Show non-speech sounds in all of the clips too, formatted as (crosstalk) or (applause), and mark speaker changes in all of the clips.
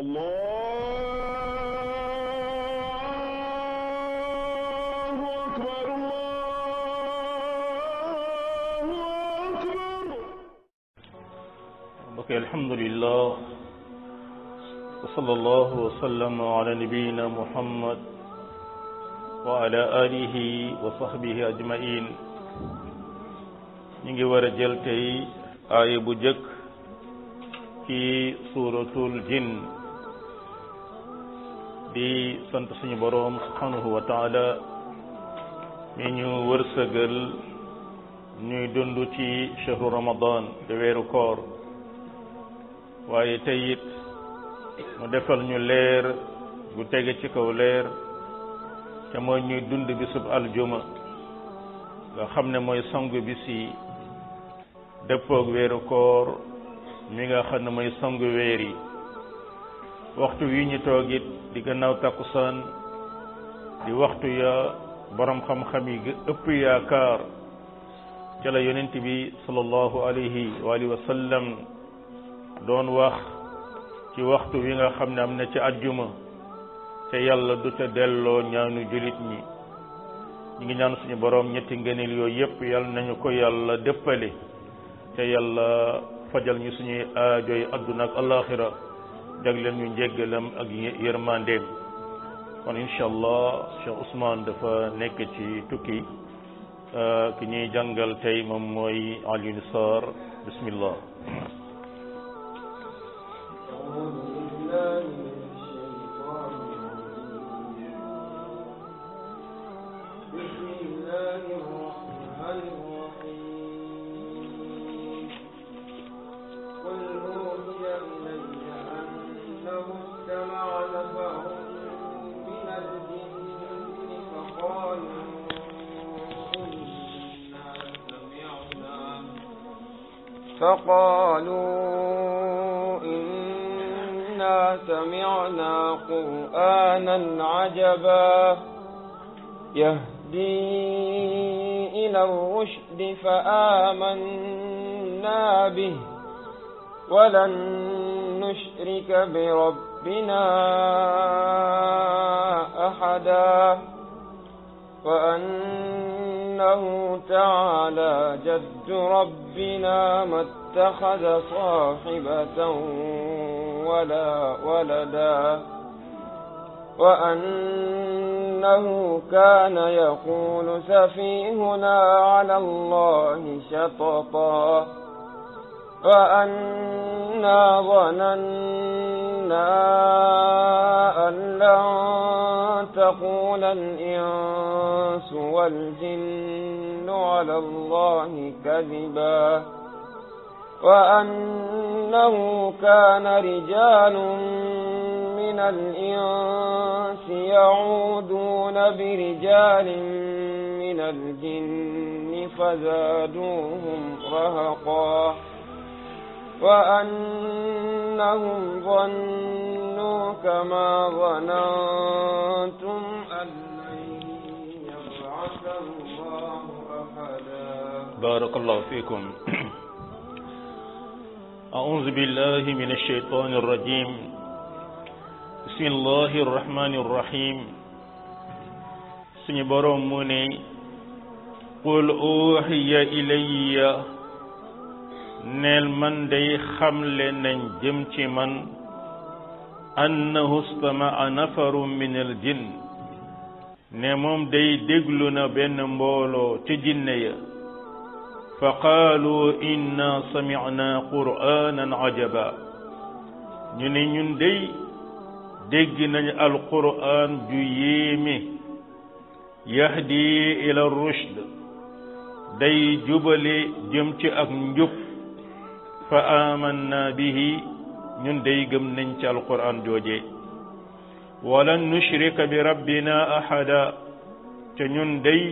Speaker 1: الله أكبر الله أكبر
Speaker 2: بقي الحمد لله وصلى الله وسلم على نبينا محمد وعلى آله وصحبه أجمعين ñu ورا war آية بوجك في سورة الجن di sant suñu boroom subhanahu wa taala mi ñu wërsëgal ñuy dund ci chahru ramadan de weeru koor waaye tey it mu defal ñu leer gu tege ci kaw leer te mooy ñuy dund bisub aljuma nga xam ne mooy sangu bi yi dëppoog weeru koor mi nga xam ne mooy sangu weer yi waxtu wi ñu toogit di gannaaw takkusaan di waxtu ya boroom xam-xam yi ëpp yaakaar ca la yonent bi sallallahu alayhi wa alihi wa sallam doon wax ci waxtu wi nga xam ne am na ca ajjuma te yàlla du ca delloo ñaanu julit ñi ñu ngi ñaan suñu borom ñetti ngëneel yooyu yëpp yàlla nañu ko yàlla dëppale te yàlla fajal ñu suñuy aajoy adduna ak alaxira jagleel ñu njéggalam ak yërmandeem kon incha allah Cheikh Ousmane dafa nekk ci tukki euh, ki ñuy jàngal tey moom mooy Alioune Sarr bismillah
Speaker 1: فقالوا إنا سمعنا قرآنا عجبا يهدي إلى الرشد فآمنا به ولن نشرك بربنا أحدا وأنه تعالى جد ربنا ما اتخذ صاحبة ولا ولدا وأنه كان يقول سفيهنا على الله شططا وأنا ظننا أن لن تقول الإنس والجن على الله كذبا وأنه كان رجال من الإنس يعودون برجال من الجن فزادوهم رهقا وأنهم ظنوا كما ظننتم أن لن يبعث الله أحدا
Speaker 2: بارك الله فيكم أعوذ بالله من الشيطان الرجيم بسم الله الرحمن الرحيم سنبرم مني قل أوحي إلي نل من دي خمل ننجمت من أنه استمع نفر من الجن نموم دي دقلنا بين مولو تجنيه fa qaalu inna samicna qur'anan ajaba ñu ne ñun dey dégg nañu alqur'an ju yéeme yahdi ila rushd day jubale jëm ci ak njub fa amanna bihi ñun day gëm nañ ci alqur'an jooje walan nushrika bi rabbina ahada ca ñun day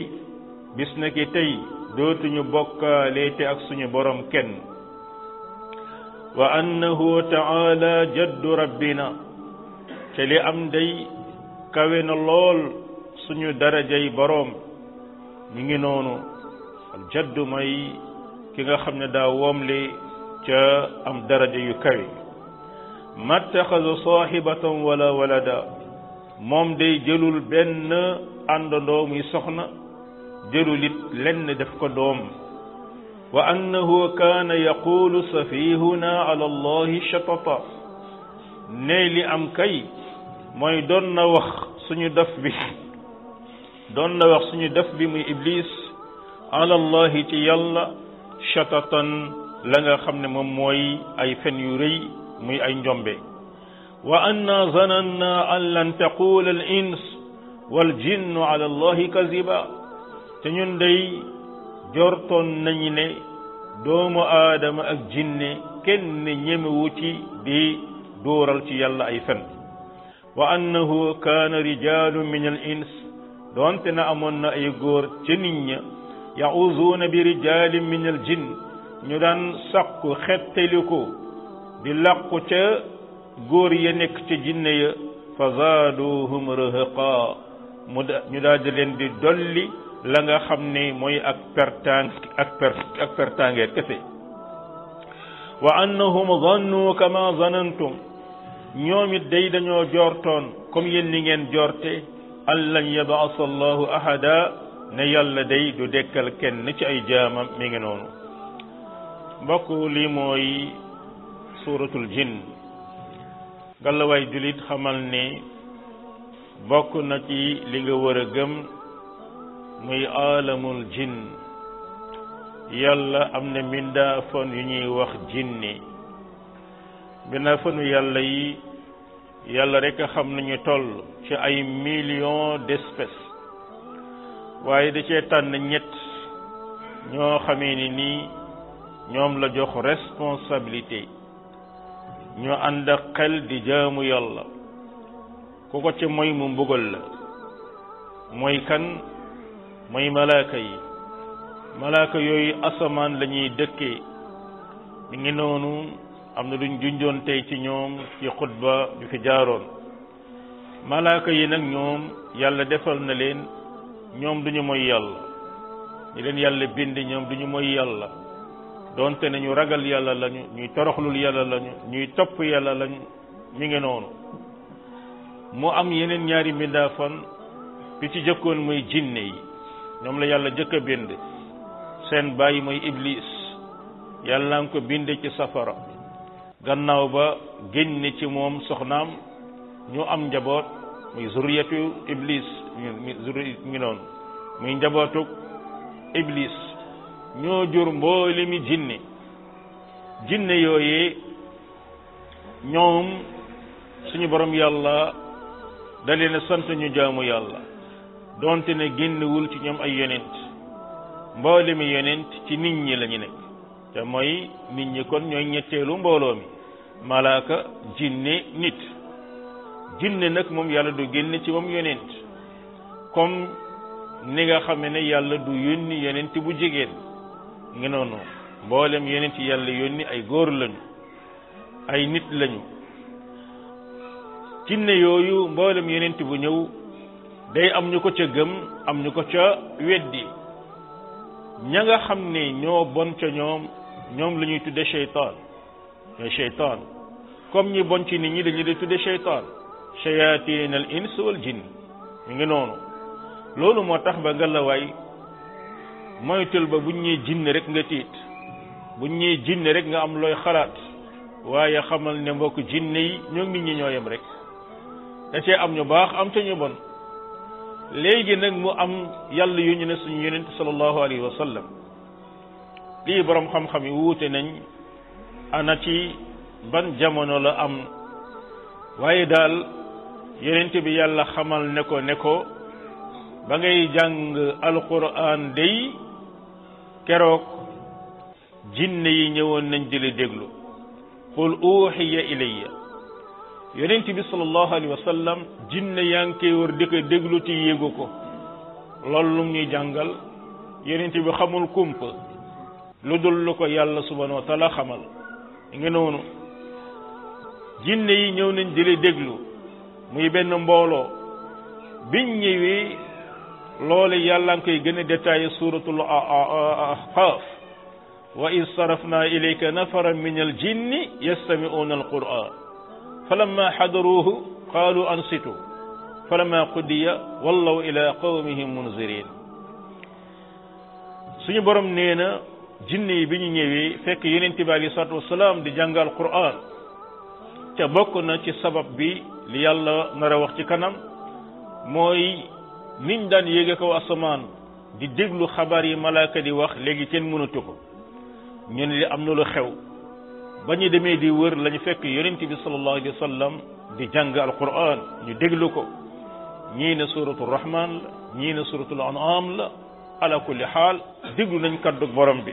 Speaker 2: bis na ki tey dootuñu bokkaaleete ak suñu boroom kenn wa annahu taala jaddu rabbina te li am day kawe na lool suñu darajay boroom ñu ngi noonu al jaddu mooy ki nga xam ne daa woomle ca am daraja yu kawe mattaxasa saaxibatan wala walada moom day jëlul benn àndandoo muy soxna جرلت لن دفك دوم وأنه كان يقول سفيهنا على الله شططا نيل أم كي موي دون وخ سني دف بي دون وخ سني دف بي مي إبليس على الله تيالا شططا لنا خمنا موي أي فن يري مي أين جنبي وأنا ظننا أن لن تقول الإنس والجن على الله كذبا te ñun day jortoon nañu ne doomu aadama ak jinne kenn ñemewu ci di dóoral ci yàlla ay fen wa annahu kaana rijaalu min al ins doonte na amoon na ay góor ca nit ña yahuzuuna bi rijalin min al jinn ñu daan sakku xettaliku di làqu ca góor ya nekk ca jinne ya fa zaaduhum rahaqa mu ñu daal di di dolli la nga xam ne mooy ak pertang ak per ak pertangeer kese wa annahum zannu kama zanantum ñoom it day dañoo jortoon comme yéen ngeen jorte an lan yabaasa allahu ahada ne yàlla day du dekkal kenn ci ay jaamam mi ngi noonu mbokk lii mooy suuratul jinn gàllawaay julit xamal ne bokk na ci li nga war a gëm muy aalamul jinn yàlla am na mindaafoon yu ñuy wax jinni mindaafanu yàlla yi yàlla rekk xam nañu toll ci ay millions d'espèces waaye da cee tànn ñett ñoo xamee ni nii ñoom la jox responsabilité ñoo ànd ak xel di jaamu yàlla ku ko ci moy mu mbugal la mooy kan mooy malaaka yi malaaka yooyu asamaan la ñuy dëkkee mi ngi noonu am na luñ junjoon tey ci ñoom ci xutba bi fi jaaroon malaaka yi nag ñoom yàlla defal na leen ñoom duñu mooy yàlla ñi leen yàlla bind ñoom duñu mooy yàlla doonte na ñu ragal yàlla lañu ñuy toroxlul yàlla lañu ñuy topp yàlla lañu mu ngi noonu mu am yeneen ñaari mbindaafan bi ci jëkkoon mooy jinne yi ñoom la yàlla jëkk a bind seen bàyyi mooy iblis yàlla nga ko binde ci safara gannaaw ba génne ci moom soxnaam ñu am njaboot muy zuriyatu iblis mi ngi noonu muy njabootuk iblis ñoo jur mboole mi jinne jinne yooyee ñoom suñu borom yàlla da leen sant ñu jaamu yàlla donte ne génnewul ci ñoom ay yonent mboolemi yonent ci nit ñi la ñu nekk te mooy nit ñi kon ñooy ñetteelu mbooloo mi malaaka jinne nit jinne nag moom yàlla du génne ci moom yonent comme ni nga xam ne yàlla du yónni yonent bu jigéen ngi noonu mboolem yonent yàlla yónni ay góor lañu ay nit lañu jinne yooyu mboolem yonent bu ñëw day am ñu ko ca gëm am ñu ko ca weddi ña nga xam ni ñoo bon ca ñoom ñoom la ñuy tudde cheytaan ñooy cheytaan comme ñi bon ci nit ñi dañu di tudde cheytaan shayatin al ins wal jinn mi ngi noonu loolu moo tax ba ngelawaay moytul ba buñ ñuy jinn rek nga tiit buñ ñuy jinn rek nga am looy xalaat waaye xamal ne mbokk jinn yi ñoo nit ñi ñoo yem rek da cee am ñu baax am ca ñu bon léegi nag mu am yàlla yu ñu ne suñu yonent sallallahu alayhi wa sallam lii boroom xam-xam yi wuute nañ ana ci ban jamono la am waaye daal yonent bi yàlla xamal ne ko ne ko ba ngay jàng alquran day keroog jinne yi ñëwoon nañ di la déglu qul uxiya ilayya yonent bi sallallahu alayhi wa sallam jinne yaa ngi koy war di ko déglu ci yéegu ko loolu lum ñuy jàngal yonent bi xamul kumpa lu dul lu ko yàlla subhanahu wa taala xamal nga noonu jinne yi ñëw nañ di la déglu muy benn mbooloo bi ñëwee loole yàlla ngi koy gën a détaillé suuratul Ahqaaf wa iz sarafna ilayka nafaran min al jinni yastami'una al qur'an falamma xadaruuhu qaalu ansitu falamma qudiya wallaw ila qawmihim munzirin suñu borom nee na jinne yi bi ñu ñëwee fekk yonent bi aleyhi salaatu wasalaam di jàngal Qur'an te bokk na ci sabab bi li yàlla nar a wax ci kanam mooy niñ daan yéege kaw asamaan di déglu xabaar yi malaaka di wax léegi kenn mënatu ko ñu ne li am na lu xew bañu démé di wër lañu fekk yaronte bi sallallahu alayhi wasallam di jàng alquran ñu déglu ko ñi ne suratul rahman la ñii ne suratu anam la ala kulli hal déglu nañ kaddu borom bi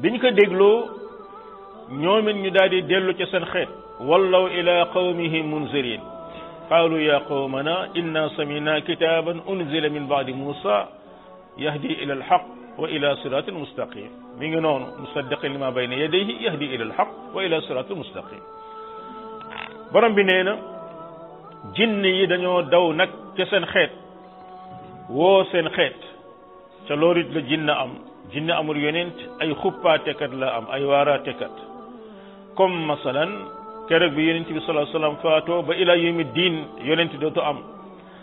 Speaker 2: biñ ko dégloo ñoom ñu daal dellu ci seen xeet wallaw ila qawmihim munzirin قالوا يا قومنا إنا سمعنا كتابا أنزل من بعد موسى يهدي إلى الحق وإلى صراط مستقيم mi ngi noonu musaddiqin li ma bayna yadayhi yahdi ila alxaq wa ila siratul mustaqim borom bi nee na jinn yi dañoo daw nag ca seen xeet woo seen xeet ca loolu it la jinn am jinn amul yonent ay xuppaatekat la am ay waaraatekat comme masalan keroog bi yonent bi salaa salaam faatoo ba ila yawmi diin yonent dootu am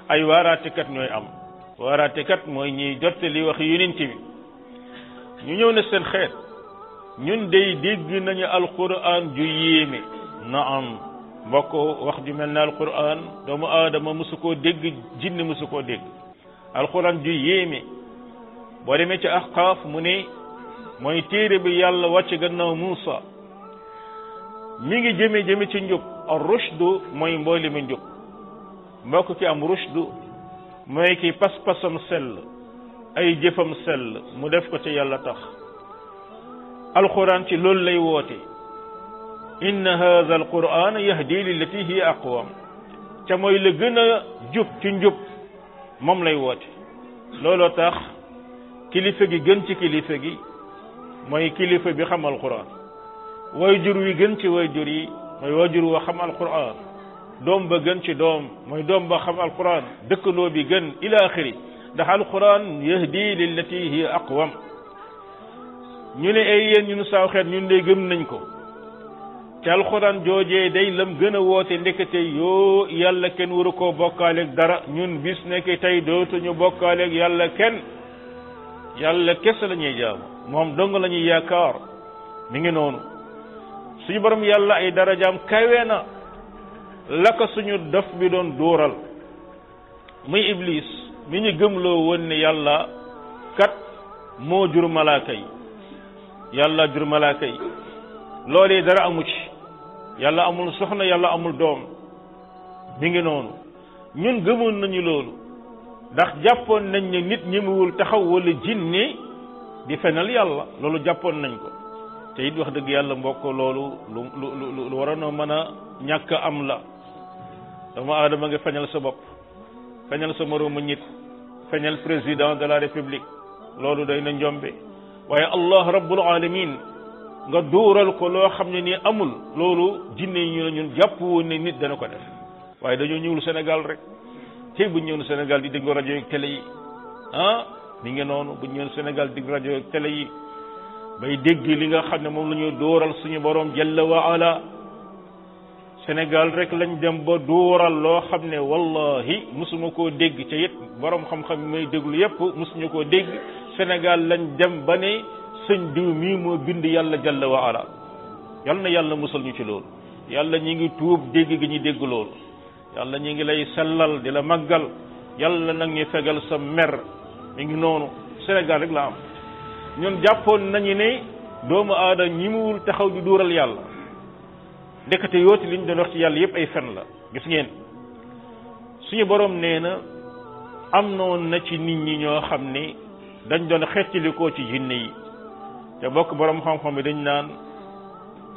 Speaker 2: ay waaraatekat ñooy am waaraatekat mooy ñiy jottali waxi yonent bi ñu ñëw ne seen xeet ñun day dégg nañu alquran ju yéeme na am mbokk wax ju mel ne alquran doomu aadama mosu koo dégg jinne mosu koo dégg alquran ju yéeme boo demee ci ahqaaf mu ne mooy téere bi yàlla wàcc gannaaw Muusa mi ngi jëme jëme ci njub ar rushdu mooy mbooli mi njub mbokk ki am rushdu mooy ki pas-pasam sell ay jëfam sell mu def ko te yàlla tax alquran ci loolu lay woote inna hadha alquran yahdi lillati hiya aqwam ca mooy la gën a jub ci njub moom lay woote looloo tax kilifa gi gën ci kilifa gi mooy kilifa bi xam alquran wayjur wi gën ci wayjur yi mooy wayjur wa doom ba gën ci doom mooy doom ba xam alquran dëkkandoo bi gën ila ndax alquran yahdi lillati hiya aqwam ñu ne ay yéen ñun saaw xeet ñun de gën nañ ko te alxuraan joojee day lam gën a woote ndekete yoo yàlla kenn waru koo bokkaaleeg dara ñun bis nekk tey dootuñu bokkaaleeg yàlla kenn yàlla kese lañuy ñuy moom dong lañuy yaakaar mi ngi noonu suñu borom yàlla ay darajaam kawe na la suñu dof bi doon dóoral muy iblis mi ñu gëmloo woon ne yàlla kat moo jur malaaka yi yàlla jur malaaka yi loolee dara amu ci yàlla amul soxna yàlla amul doom mi ngi noonu ñun gëmoon nañu loolu ndax jàppoon nañ ne nit ñi taxaw walla jinne di fenal yàlla loolu jàppoon nañ ko te it wax dëgg yàlla mbokk loolu lu lu lu waroon mën a ñàkk am la dama aadama nga feñal sa bopp feñal sa moroomu nit sañal président de la république loolu day na njombe waaye allah rabbul alamin nga dóoral ko loo xam ne nii amul loolu jinne yi ñu ñun jàpp woon ne nit dana ko def waaye dañoo ñëwul Sénégal rek tey bu ñëwul Sénégal di déglu rajo yeeg télé yi ah mi ngi noonu bu ñëwul Sénégal di rajo yeeg télé yi bay dégg li nga xam ne moom lañu ñuy dóoral suñu borom jalla wa ala Sénégal rek lañ dem ba dóoral loo xam ne wallahi mosuma koo dégg ca it borom xam-xam may déglu yépp mosuñu koo dégg Sénégal lañ dem ba ne sëñ diw mii moo bind yàlla jalla wa ala yal na yàlla musal ñu ci loolu yàlla ñu ngi tuub dégg gi ñu dégg loolu yàlla ñu ngi lay sellal di la màggal yàlla nag ñu fegal sa mer mi ngi noonu Sénégal rek la am ñun jàppoon nañu ne doomu aada ñi taxaw di duural yàlla ndekete yooti liñ doon wax ci yàlla yépp ay fen la gis ngeen suñu borom nee na am noon na ci nit ñi ñoo xam ni dañ doon xettalikoo ci jinne yi te bokk boroom xam-xam yi dañ naan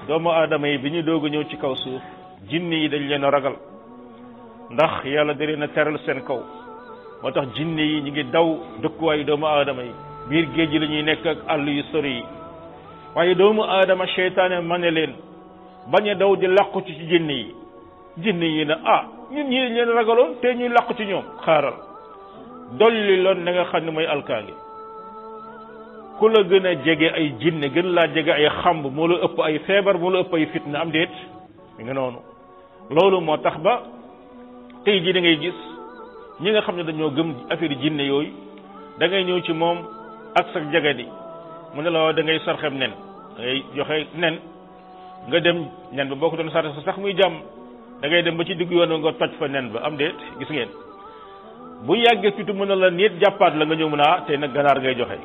Speaker 2: doomu aadama yi bi ñu doog a ñëw ci kaw suuf jinne yi dañ leen a ragal ndax yàlla da na teral seen kaw moo tax jinne yi ñu ngi daw dëkkuwaayu doomu aadama yi biir géej gi la ñuy nekk ak àll yu sori yi waaye doomu aadama seytaane ma ne leen bañ a daw di làqu ci ci jinne yi jinne yi na ah ñun ñii leen ragaloon te ñuy làqu ci ñoom xaaral dolli loon na nga xam ne mooy alkaali ku la gën a jege ay jinne gën laa jege ay xamb moo la ëpp ay feebar moo la ëpp ay fitna am déet mi noonu loolu moo tax ba tey jii dangay ngay gis ñi nga xam ne dañoo gëm affaire jinne yooyu dangay ñëw ci moom ak jege jagadi mu ne la da ngay sarxem nen da joxe nen nga dem nen ba boo ko doon sarxe sax muy jàmm da ngay dem ba ci diggu yoon nga toj fa nen ba am déet gis ngeen bu yàggee tuuti mën na la nit jàppaat la nga ñëw mën a ah, tey nag ganaar ngay joxe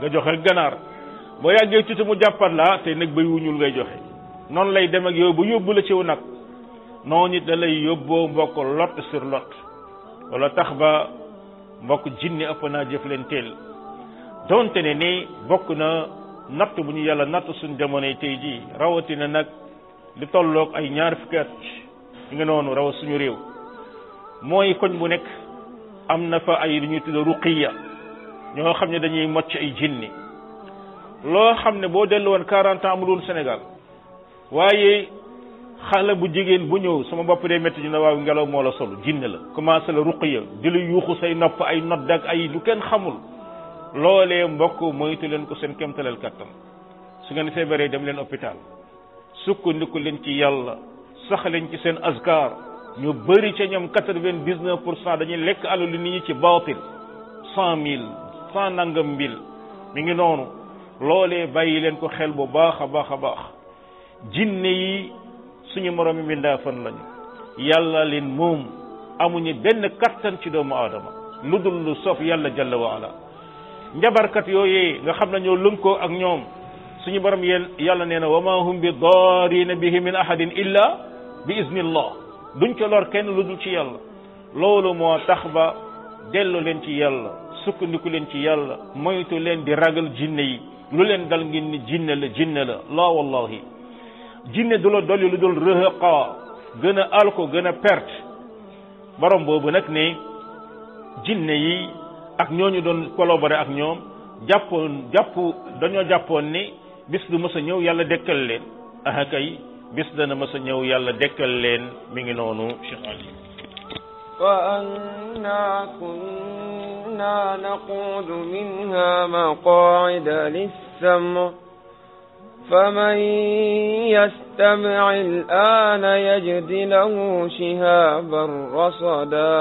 Speaker 2: nga joxe ganaar boo yàggee tuuti mu jàppaat la ah, tey nag bëy wu ñuul ngay joxe noonu lay dem ak yooyu bu yóbbu la ciw nag noonu it da lay yóbboo mbokk lot sur lot wala tax ba mbokk jinni ëpp naa jëf leen teel donte ne ni bokk na natt bu ñu yàlla natt suñ jamonoy tey jii rawatina nag li tolloog ay ñaar fukki at nga noonu rawa suñu réew mooy koñ bu nekk am na fa ay lu ñuy tudd ruqiya ñoo xam ne dañuy mocc ay jinni loo xam ne boo dellu woon quarante ans amulul Sénégal waaye xale bu jigéen bu ñëw suma bopp dee métti ñu ne waaw ngelaw moo la sol jinne la commencé la ruqiya di la yuuxu say nopp ay nodd ak ay lu kenn xamul loolee mbokk moytu leen ko seen kemtaleel kattan su ngeen feebaree dem leen hôpital sukkandiku leen ci yàlla sax leen ci seen azkar ñu bari ci ñom 99 dañuy lek alu li nit ñi ci baatil 100000 fa nangam mille mi ngi nonu lolé bayi len ko xel bu baakha baakha baax a baax jinne yi suñu moromi mindaafan lañu yàlla leen moom amuñu ben kartan ci doomu adama ludul lu sof yàlla jalla wa ala njabar kat yoyé nga xam nañu ñoo lënkoo ak ñom suñu borom yàlla neena wama hum bi darin bihi min ahadin illa bi iznillah duñ ca lor kenn lu dul ci yàlla loolu moo tax ba dellu leen ci yàlla sukkandiku leen ci yàlla moytu leen di ragal jinne yi lu leen dal ngeen ni jinne la jinne la laa wallahi jinne du la dolli lu dul rëhëqa gën a alko gën a perte borom boobu nag ne jinne yi ak ñooñu doon collaborer ak ñoom jàppoon jàpp dañoo jàppoon ni bis du mës a ñëw yàlla dëkkal leen ah kay bis dana mësa ñëw yàlla dekkal leen mi ngi noonu Cheikh Ali
Speaker 1: wa anna kunna naqudu minha maqaida lissama فمن يستمع الآن يجد له شهابا رصدا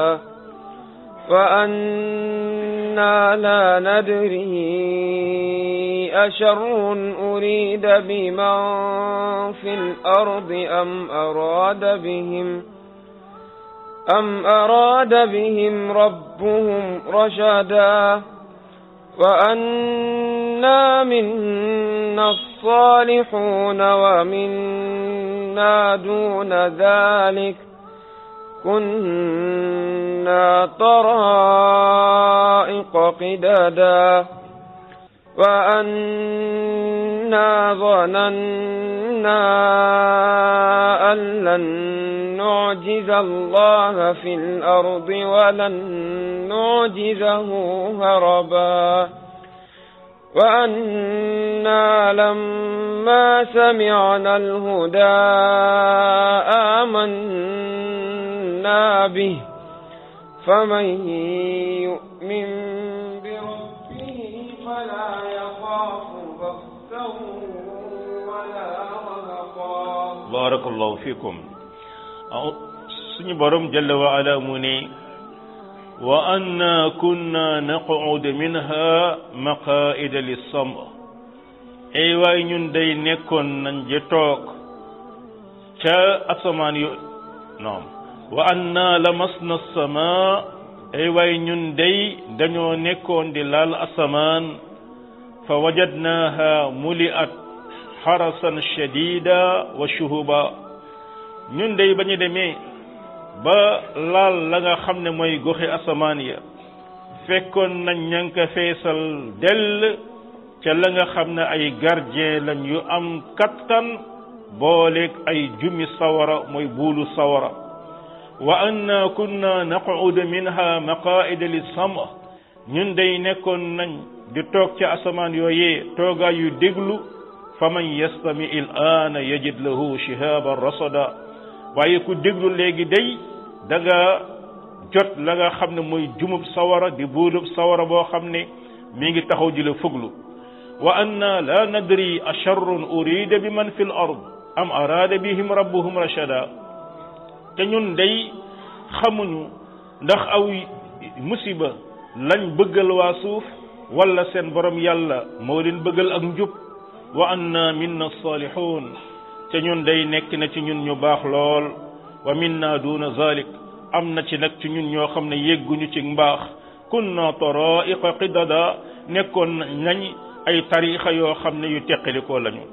Speaker 1: فأنا لا ندري أشر أريد بمن في الأرض أم أراد بهم أم أراد بهم ربهم رشدا وأنا منا الصالحون ومنا دون ذلك كنا طرائق قددا وأنا ظننا أن لن نعجز الله في الأرض ولن نعجزه هربا وأنا لما سمعنا الهدى آمنا به فمن
Speaker 2: يؤمن
Speaker 1: ولا يخاف بخسه ولا رهقا
Speaker 2: بارك الله فيكم سن برم جل وعلا مني وأنا كنا نقعد منها مقائد للصم أيوا ين دي نكون ننجتوك تا أصمان يو نعم وأنا لمسنا السماء اي واي نون داي دانيو نيكون دي لال اسمان فوجدناها ملئت حرسا شديدا وشهوبا نون داي باني دمي با لال لاغا خامني موي غوخي اسمان فيكون نان نانكا فيصل دل تا لاغا خامني اي غارديان لان يو ام كابتن بولك اي جومي صورا موي بولو صورا وأنا كنا نقعد منها مقاعد للسمع ñun day nekkoon nañ di toog ci asamaan yooyee toogaa yu déglu faman yastami il aana yajid lahu shihaba rasada waaye ku déglu léegi day da nga jot la nga xam ne mooy jumub sawara di buulub sawara boo xam ne mi ngi taxaw di la fuglu wa anna la nadri asharrun urida bi man fi l ard am arada bihim rabbuhum rashada te ñun day xamuñu ndax aw musiba lañ bëggal waa suuf wala seen borom yàlla moo leen bëggal ak njub wa anna minna salihun te ñun day nekk na ci ñun ñu baax lool wa minna duna zalik am na ci nag ci ñun ñoo xam ne yegguñu ci mbaax kunna taraiqa qidada nekkoon nañ ay tariixa yoo xam ne yu teqalikoo lañu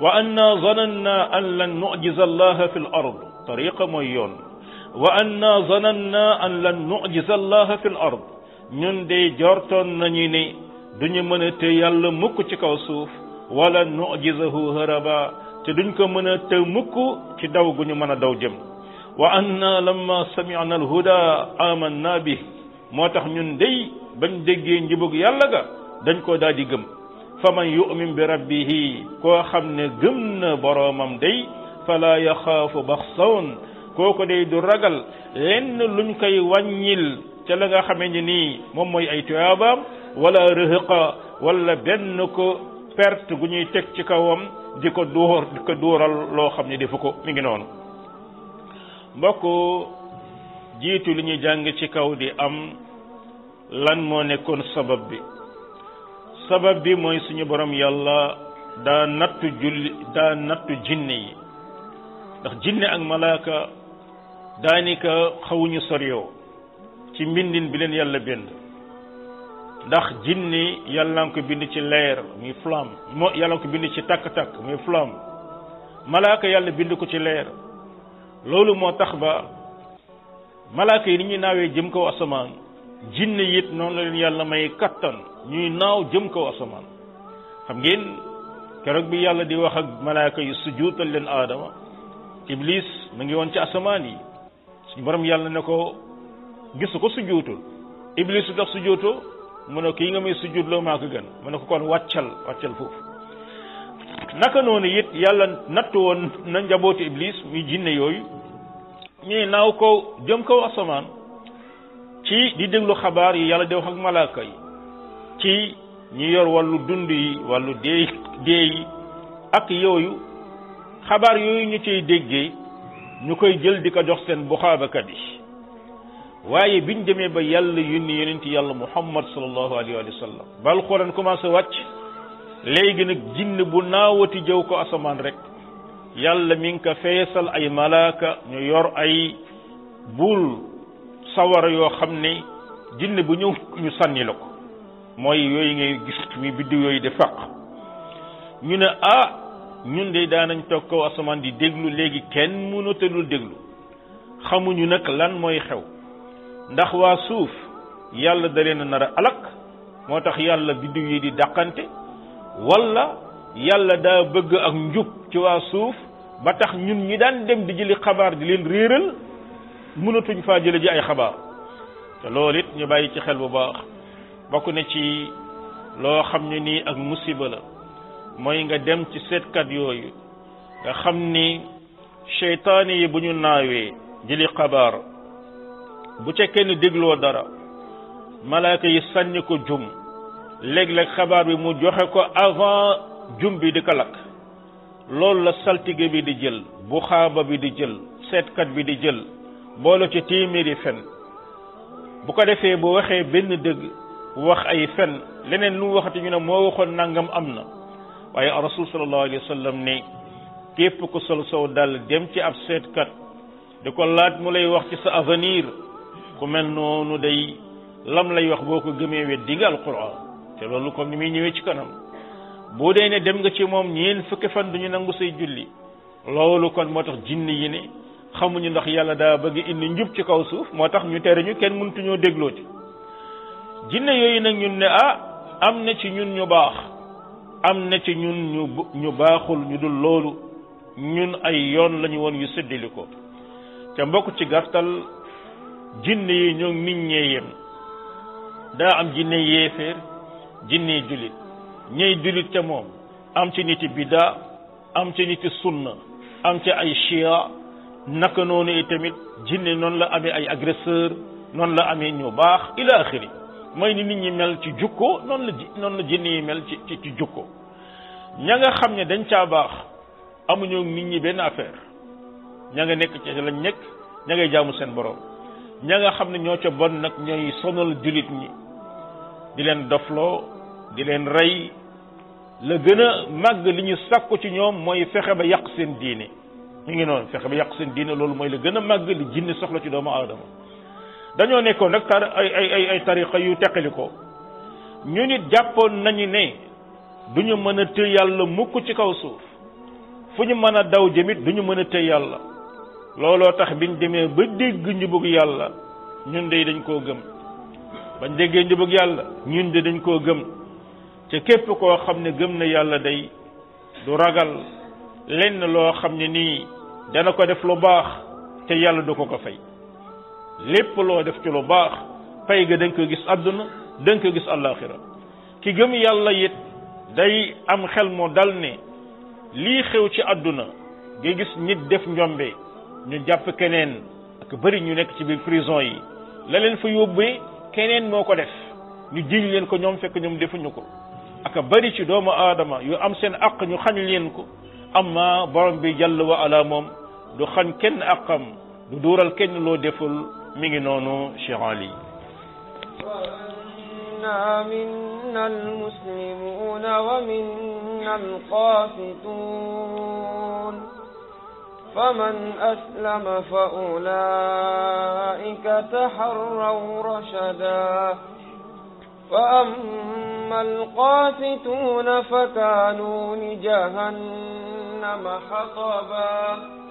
Speaker 2: wa anna zananna an lan nu'jiza allaha fil ard طريق ميون وأنا ظننا أن لن نعجز الله في الأرض من دي جرتون نجيني دنيا من تيال مكو تكوسوف ولا نعجزه هربا تدنك من تمكو تدو غني من دوجم وأنا لما سمعنا الهدى آمنا به موتخ من دي بن ديجين جبوك يالغا دنكو دادي فمن يؤمن بربه كو خمنا جمنا برامم دي fala yaxaafu baxsawn kooku day du ragal lenn luñ koy wàññil ca la nga xamee ni nii moom mooy ay tuyaabaam wala rëhëqa wala benn ko perte gu ñuy teg ci kawam di ko duur di ko duural loo xam ne defu ko mi ngi noonu mbokk jiitu lu ñuy jàng ci kaw di am lan moo nekkoon sabab bi sabab bi mooy suñu boroom yàlla daa nattu julli daa nattu jinne yi ndax jinne ak malaaka daanaka xawuñu soriyoo ci mbindin bi leen yàlla bind ndax jinni yàlla nga ko bind ci leer muy flamme moo yàlla nga ko bind ci takk-takk muy flamme malaaka yàlla bind ko ci leer loolu moo tax ba malaaka yi ni ñuy naawee jëm kaw asamaan jinne it noonu la leen yàlla may kattan ñuy naaw jëm kaw asamaan xam ngeen keroog bi yàlla di wax ak malaaka yi sujjuutal leen aadama iblis mu ngi woon ci asamaan yi suñu borom yàlla ne ko gisu ko sujjootul iblis su dox sujjootoo mu ne kii nga muy sujjootloo maa ko gën mu ne ko kon wàccal wàccal foofu naka noonu it yàlla natt woon na njabootu iblis muy jinne yooyu ñuy naaw kaw jëm kaw asamaan ci di déglu xabaar yi yàlla di wax ak malaaka yi ci ñu yor wàllu dund yi wàllu dee dee ak yooyu xabaar yooyu ñu ciy déggee ñu koy jël di ko jox seen buxaabakat yi waaye biñ demee ba yàlla yónni yonent yàlla muhammad sallallahu alayhi wa bal ba alxuraan commencé wàcc léegi nag jinn bu naawati jëw ko asamaan rek yàlla mi ngi ko feesal ay malaaka ñu yor ay buur sawara yoo xam ne jinn bu ñëw ñu sànni la ko mooy yooyu ngay gis muy biddiw yooyu di faq ñu ne ah ñun de daanañ toog kaw asamaan di déglu léegi kenn mënatalul déglu xamuñu nag lan mooy xew ndax waa suuf yàlla da leen nara nar alak moo tax yàlla biddiw yi di dàqante walla yàlla daa bëgg ak njub ci waa suuf ba tax ñun ñi daan dem di jëli xabaar di leen réeral mënatuñ faa jële ji ay xabaar te loolu it ñu bàyyi ci xel bu baax bokk na ci loo xam ne nii ak musiba la mooy nga dem ci seetkat yooyu nga xam ni seytaane yi bu ñu naawee jëli xabaar bu ca kenn digloo dara malaaka yi sànni ko jum léeg-léeg xabaar bi mu joxe ko avant jum bi di ko loolu la saltige bi di jël bu xaaba bi di jël seetkat bi di jël boole ci téeméeri fen bu ko defee bu waxee benn dëgg wax ay fen leneen lu mu waxati ñu ne moo waxoon nangam am na waaye rasul sallallahu alayhi wa sallam ne képp ku sol sow dal dem ci ab seetkat di ko laat mu lay wax ci sa avenir ku mel noonu day lam lay wax boo ko gëmee weddi nga alquran te loolu comme ni muy ñëwee ci kanam boo dee ne dem nga ci moom ñeen fukki fan duñu nangu say julli loolu kon moo tax jinn yi ne xamuñu ndox yàlla daa bëgg indi njub ci kaw suuf moo tax ñu tere ñu kenn mëntuñoo dégloo ci jinne yooyu nag ñun ne ah am na ci ñun ñu baax am na ci ñun ñu ñu baaxul ñu dul loolu ñun ay yoon lañu woon yu séddali ko te mbokk ci gàttal jinne yi ñoo nit ñee yem daa am jinne yéeféer jinne jullit ñey jullit ca moom am ci niti biddaa am ci niti sunna am ci ay chia naka noonu i tamit jinne noonu la amee ay agresseur noonu la amee ñu baax ila axiri mooy nit ñi mel ci jukko noonu la ji noonu la jinne yi mel ci ci ci jukko ña nga xam ne dañ caa baax amuñu nit ñi benn affaire ña nga nekk ci lañ nekk ña ngay jaamu seen borom ña nga xam ne ñoo ca bon nag ñooy sonal jullit ñi di leen dofloo di leen rey la gën a màgg li ñu sàkku ci ñoom mooy fexe ba yàq seen diine ñu ngi noonu fexe ba yàq seen diine loolu mooy la gën a màgg li jinne soxla ci doomu aadama dañoo nekkoon rek tar ay ay ay tariqa yu teqali ko ñu jàppoon nañu ne du ñu mën a tëy yàlla mukk ci kaw suuf fu ñu mën a daw jëmit du ñu mën a tëy yàlla looloo tax biñ demee ba dégg njubug yàlla ñun de dañ koo gëm bañ déggee njubug yàlla ñun de dañ koo gëm te képp koo xam ne gëm na yàlla dey du ragal lenn loo xam ne nii dana ko def lu baax te yàlla du ko ko fay lépp loo def ci lu baax pay ga danga ko gis àdduna danga ko gis àllaaxira ki gëm yàlla it day am xel moo dal ne lii xew ci àdduna nga gis nit def njombe ñu jàpp keneen ak bari ñu nekk ci biir prison yi la leen fa yóbbee keneen moo ko def ñu jiiñ leen ko ñoom fekk ñoom defuñu ko ak bari ci doomu aadama yu am seen àq ñu xañ leen ko amma borom bi jàll wa ala moom du xañ kenn àqam du duural kenn loo deful ميغي نونو noonu
Speaker 1: منا المسلمون ومنا القاسطون فمن أسلم فأولئك تحروا رشدا
Speaker 2: فأما
Speaker 1: القاسطون فكانوا لجهنم حطبا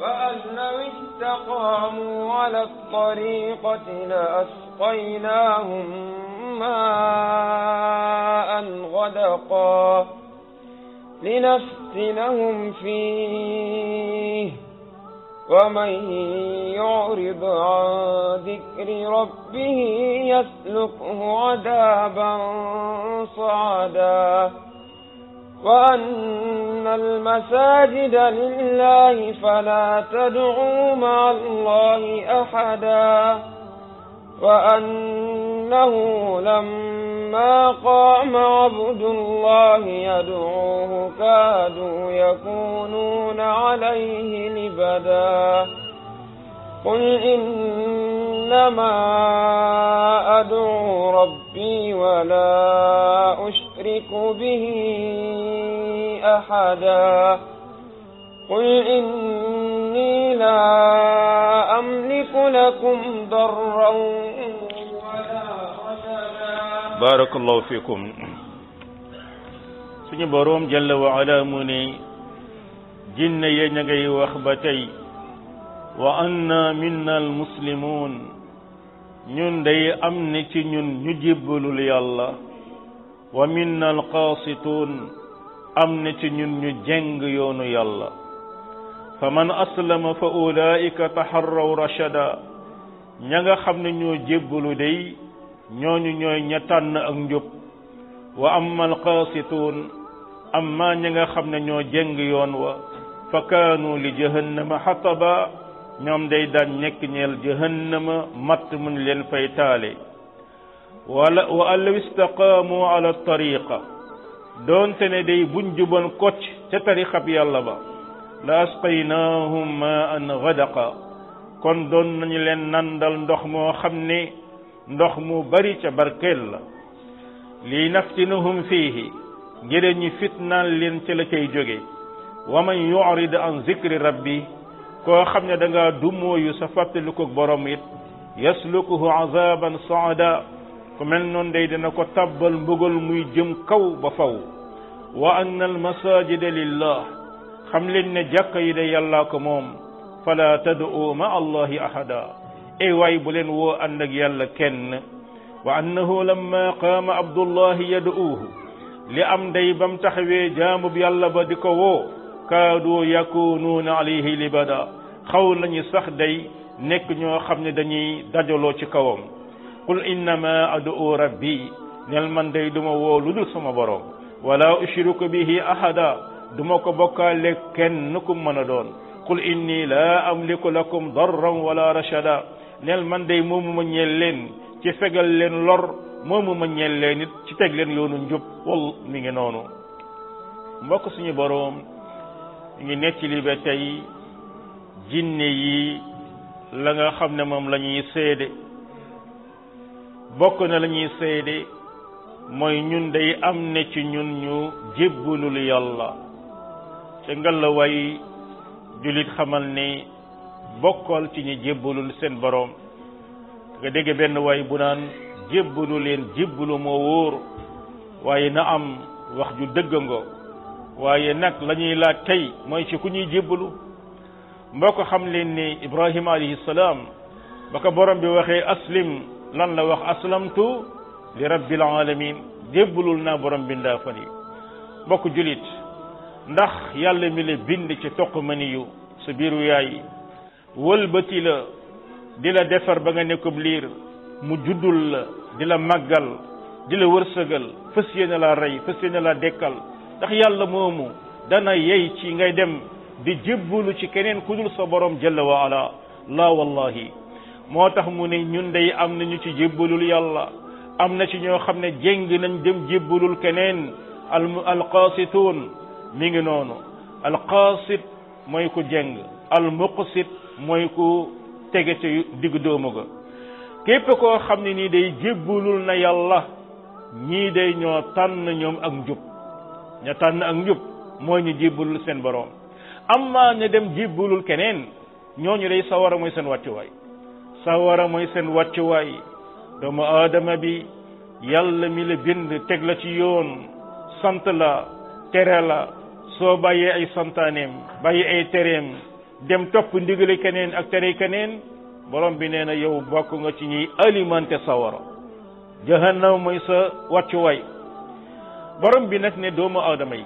Speaker 1: لو استقاموا على الطريقة لأسقيناهم ماء غدقا لنفتنهم فيه ومن يعرض عن ذكر ربه يسلكه عذابا صعدا وأن المساجد لله فلا تدعوا مع الله أحدا وأنه لما قام عبد الله يدعوه كادوا يكونون عليه لبدا قل إنما أدعو ربي ولا أشرك نشرك به أحدا قل إني لا أملك لكم ضرا ولا
Speaker 2: بارك الله فيكم سيدي بروم جل وعلا مني جن ينجي وخبتي وأنا منا المسلمون ñun day am ne ci ñun ñu jébbalul wa minna alqaasituun am na ci ñun ñu jeng yoonu yàlla fa man aslama fa ulaika taxarraw rachada ña nga xam ne ñoo jébbalu day ñooñu ñooy ña tànn ak njub wa amma alqaasituun amma ña nga xam ne ñoo jeng yoon wa fa kaanu li jahannama xataba ñoom day daan nekk ñeel jahannama matt mun leen fay taale wala wa allaw istaqaamu ala tariqa donte ne day buñ juban kocc ca tarixab yàlla ba la asqaynaahum ma an gadaqa kon doon nañu leen nandal ndox moo xam ne ndox mu bari ca barkeel la li naftinuhum fiihi ngir ñu fitnaan leen ca la cay jóge wa man yurid an zikri rabbi koo xam ne da ngaa dumooyu sa fàttaliku borom it yaslukuhu azaban saada ku mel noonu day dina ko tàbbal mbugal muy jëm kaw ba faw wa anna masajid lillah xam leen ne jàkk yi de yàlla ko moom fala tad'u ma allahi ahada ey way bu leen woo ànd ak yàlla kenn wa annahu lamma qama abdullah yad'uhu li am day bam taxawee jaamub yàlla ba diko wo woo kaadu yakunuuna alayhi libada xaw lañu sax day nek ño xamne dañuy dajaloo ci kawam qul innama ad'u rabbi nel man day duma woo lu dul sama borom wala ushriku bihi ahada duma ko bokkaale kenn ku mën a doon qul inni la amliku lakum darran wala rachada nel man day moomu ma ñeel leen ci fegal leen lor moomu ma ñeel leen ci teg leen yoonu njub wal mi ngi noonu mbokk suñu boroom ngi nettali ba tey yi la nga xam ne moom la ñuy seede bokk na lañuy ñuy seede mooy ñun day am ne ci ñun ñu jébbalul yàlla te la ngallaawaay jullit xamal ne bokkal ci ñu jébbalul seen boroom nga dégg benn waay bu naan jébbalu leen jébbalu moo wóor waaye na am wax ju dëgg nga waaye nag lañuy laaj tey mooy ci ku ñuy jébbalu mboo ko xam leen ni Ibrahima alayhi salaam ba ko borom bi waxee aslim lan la wax aslamtu li rabbil alamin debulul na borom binda fani bokku julit ndax yàlla mi le bind ci toq maniyu sa biru yaay wëlbati la dila la defar ba nga nekkob lire mu juddul la di la màggal di la wërsëgal fës la laa rey fës dekkal ndax yàlla momu dana yey ci ngay dem di jebulu ci keneen kudul sa borom jalla wa ala la wallahi moo tax mu ne ñun day am nañu ci jébbalul yàlla am na ci ñoo xam ne jéng nañ dem jébbalul keneen al alqaasituun mi ngi noonu alqaasit mooy ku jéng almuqsit mooy ku tege ci digg doomu ga képp koo xam ne nii day jébbalul na yàlla ñii day ñoo tànn ñoom ak njub ña tànn ak njub mooy ñu jébbalul seen boroom amma ña dem jébbalul keneen ñoo ñooñu day sawara mooy seen wàccuwaay sawara mooy seen wàccuwaay doomu aadama bi yàlla mi la bind teg la ci yoon sant la tere la soo bàyyee ay santaaneem bàyyi ay tereem dem topp ndigali keneen ak tere keneen borom bi nee na yow bokk nga ci ñuy alimenté sawara jahannam mooy sa wàccuwaay borom bi nag ne doomu adama yi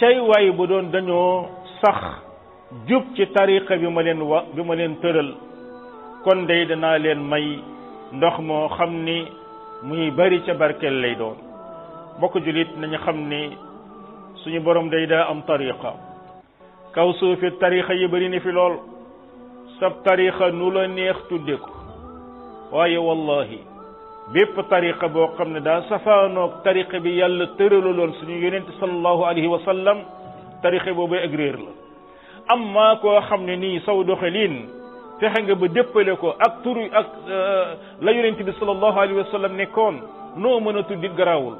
Speaker 2: cay waay bu doon dañoo sax jub ci tariqa bi ma leen wa bi ma leen tëral kon day dana leen may ndox moo xam ni muy bari ca barkel lay doon mbokk julit nañu xam ni suñu borom day daa am tariqa kaw suufi tariqa yi bari ni fi lool sab tariqa nu la neex tudde ko waaye wallahi bépp tariqa boo xam ne daa safaanoog tariqa bi yàlla tëralaloon suñu yonente salallahu alayhi wa sallam tariqa boobu ak réer la amma koo xam ne nii saw doxalin fexe nga ba déppale ko ak turu ak la yonent bi salallahu alayhi wa sallam nekkoon noo mën a tuddi garaawul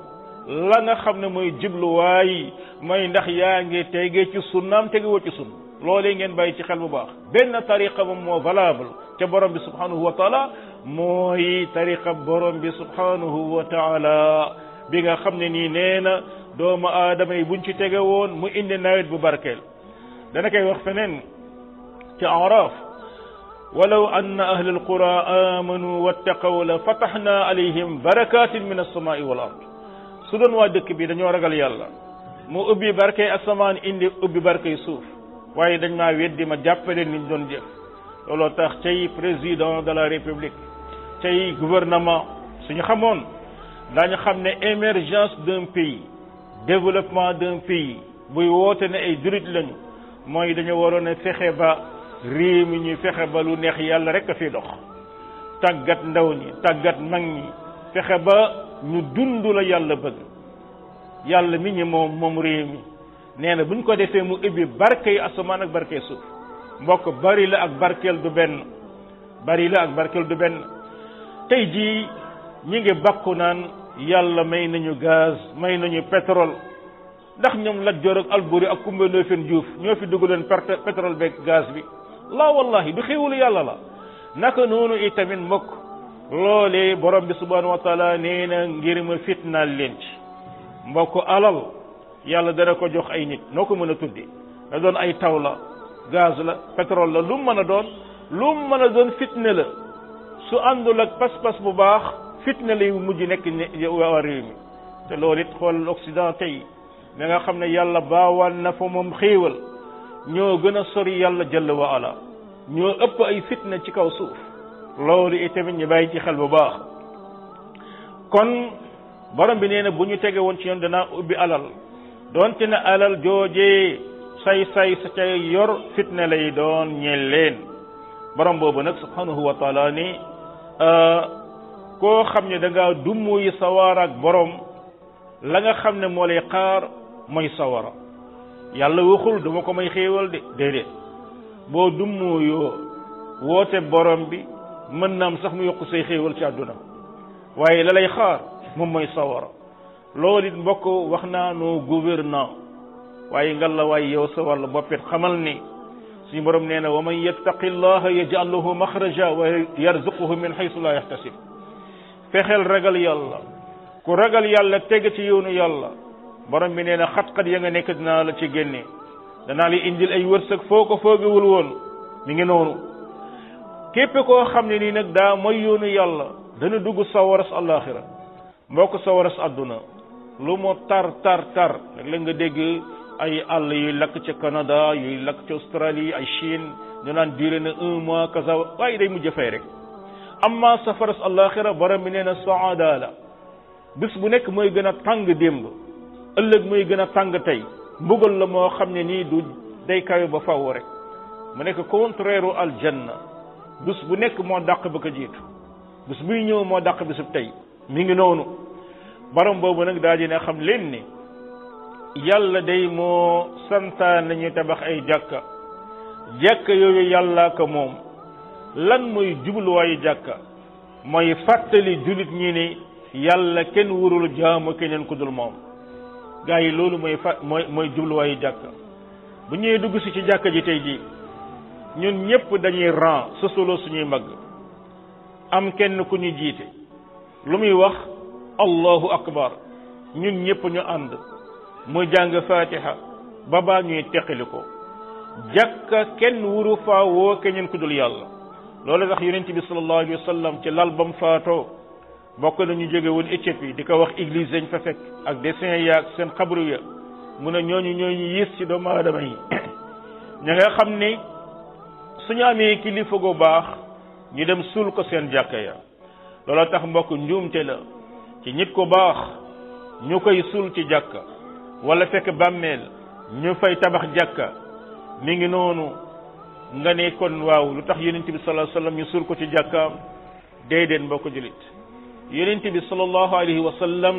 Speaker 2: la nga xam ne mooy jibluwaay mooy ndax yaa ngi tege ci sunnaam wo ci sunn loolee ngeen bàyyi ci xel bu baax benn tariqa moom moo valable ca borom bi subhanahu wa taala mooy tariqa borom bi subhanahu wa taala bi nga xam ne nii nee na doomu aadama yi buñ ci tege woon mu indi nawet bu barkeel dana koy wax feneen ci araf ولو أن أهل القرى آمنوا واتقوا لفتحنا عليهم بركات من السماء والأرض سودون وادك بي دانيو رغال يالا مو أبي بركي أسمان إندي أبي بركي سوف واي دانيو ويدي ما جابل ني دون دي لولو تاخ تاي بريزيدون دو لا ريبوبليك تاي غوفرنمان سوني خامون دا ني خامني ايمرجانس دون بي ديفلوبمون دون بي بوي ووتني اي جوريت لاني موي دانيو ورونا فخي با réew mi ñu fexe ba lu neex yàlla rek a fi dox tàggat ndaw ñi tàggat mag ñi fexe ba ñu dund la yàlla bëgg yàlla mi ñi moom moom réew mi nee na buñ ko defee mu ubbi barke yi asamaan ak barke suuf mbokk bari la ak barkeel du benn bari la ak barkeel du benn tey jii ñi ngi bakku naan yàlla may nañu gaz may nañu pétrole ndax ñoom Lat Joor ak Albuuri ak Kumba Ndoofeen Juuf ñoo fi dugg leen pétrole beeg gaz bi لا والله بخيول يلا لا نك نونو من مك لولي بروم بي سبحانه وتعالى نينا غير ما فتنا لينج موك علال يلا دا نكو جوخ اي نيت نوكو مانا تودي دا اي تاولا غاز لا بترول لا لوم مانا دون لوم دون فتنه لا سو اندول اك باس باس بو باخ فتنه لي مودي نيك واريمي te loolit xool occident tey mi nga xam ne ñoo gën a sori yàlla jalla wa ala ñoo ëpp ay fitna ci kaw suuf loolu itamit ñu bàyyi ci xel bu baax kon borom bi nee na bu ñu tegee woon ci yoon danaa ubbi alal doonte ne alal joojee say say sa cay yor fitna lay doon ñeel leen borom boobu nag subhanahu wa euh, koo xam ne da ngaa dummuy sawar ak borom la nga xam ne moo lay xaar mooy sawara yàlla waxul duma ko may xéewal de déedéet boo dummoo yoo woote borom bi mën naam sax mu yokk say xéewal ci àdduna waaye la lay xaar moom mooy sawara loolu it mbokk wax naa noo gouvernant waaye ngal la waaye yow sa wàllu boppit xamal ni suñu borom nee na wa man yattaqi llaha yaj'al lahu maxraja wa yarzuquhu min haythu la yahtasib fexeel ragal yàlla ku ragal yàlla teg ci yoonu yàlla borom bi nee na xat-xat ya nga nekk dinaa la ci génne danaa la indil ay wërsëg foo ko foogewul woon mi ngi noonu képp koo xam ne nii nag daa mooy yoonu yàlla dana dugg sawaras àllaaxira ko sawaras àdduna lu mu tar tar tar léeg-léeg nga dégg ay àll yuy lakk ca Canada yuy lakk ca Australie ay Chine ñu naan duré na un mois kaza waaye day mujj fay rek amma safaras àllaaxira borom bi nee na saada bis bu nekk mooy gën a tàng démb ëllëg mooy gën a tàng tey mbugal la moo xam ne nii du day kawe ba faw rek mu nekk contraire al janna bu nekk moo dàq ba ko jiitu bés buy ñëw moo dàq bésub tey mi ngi noonu borom boobu nag daa dina xam leen ni yàlla day moo santaan nañu tabax ay jàkka jàkka yooyu yàlla ko moom lan mooy jubluwaayu jàkka mooy fàttali jullit ñi ni yàlla kenn warul jaamu keneen ku dul moom gaa yi loolu mooy fa mooy mooy jubluwaayu jàkka bu ñëwee dugg si ci jàkka ji tey jii ñun ñëpp dañuy ran sosoloo suñuy mbagg am kenn ku ñu jiite lu muy wax allahu akbar ñun ñëpp ñu ànd mu jàng fatiha ba baa ñuy teqali ko jàkka kenn wuru faa woo keneen ku dul yàlla loolu tax yonent bi sallallahu alayhi wa ci lal bam faatoo bokk nañu jóge woon yi di ko wax église dañ fa fekk ak des saints ya ak seen xabru ya mu ne ñooñu ñooñu yées ci doomu adama yi (clears throat) ña nga xam ni suñu amee kilifa gu baax ñu dem suul ko seen jàkka ya looloo tax mbokk njuumte la ci nit ko baax ñu koy suul ci jàkka wala fekk bàmmeel ñu fay tabax jàkka mi ngi noonu nga ne kon waaw lu tax yonent bi sallallahu alayhi wasallam ñu suul ko ci jàkkaam déedéet mbokk jullit yonent bi sallallahu alayhi wa sallam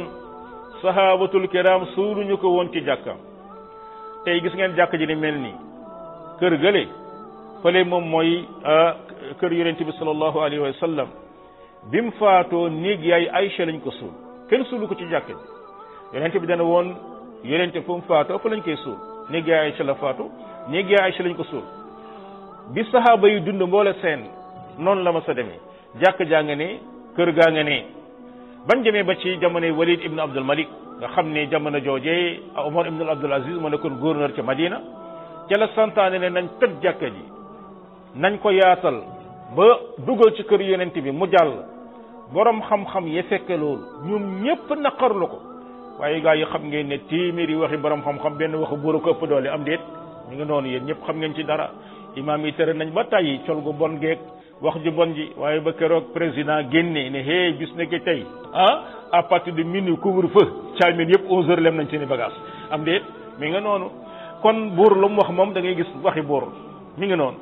Speaker 2: sahabatul kiram suuluñu ko woon ci jàkka tey gis ngeen jàkk ji ni mel nii kër gële fële moom mooy kër yonent bi sallallahu alayhi wa sallam bi mu faatoo néeg yaay Aycha lañ ko suul kenn suulu ko ci jàkk ji yonent woon yonent fu mu faatoo fa lañ koy suul néeg yaay Aycha la faatu lañ ko suul bi sahaaba yi dund mboole seen noonu la ma sa demee jàkk jaa nga kër gaa nga ne bañ demee ba ci jamonoy Walid ibn Abdul Malik nga xam ne jamono jooje Omar ibn Abdul Aziz moo nekkoon gouverneur ca Madina ca la santaane ne nañ tëj jàkka ji nañ ko yaatal ba dugal ci kër yonent bi mu jàll borom xam-xam ya fekke loolu ñoom ñëpp naqarlu ko waaye gaa yi xam ngeen ne téeméeri waxi borom xam-xam benn waxu buur ko ëpp doole am déet ñu ngi noonu yéen ñëpp xam ngeen ci dara imaam yi tere nañ ba tàyyi col gu bon geeg wax ju bon ji waaye ba keroog président génne ne hey gis na tey ah à partir de minuit couvre-feu caalmin yëpp 11h lem nañ seeni i bagages am déet mi nga noonu kon buur lu mu wax moom da ngay gis waxi buur mi nga noonu